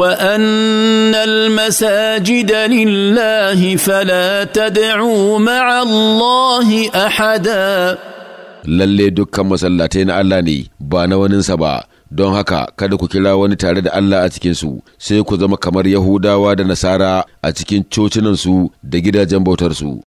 وان المساجد لله فلا تدعوا مع الله احدا lalle dukkan masallatai na Allah ne ba na waninsa ba don haka kada ku kira wani tare da Allah a cikinsu sai ku zama kamar Yahudawa da Nasara a cikin cocinansu da gidajen bautarsu.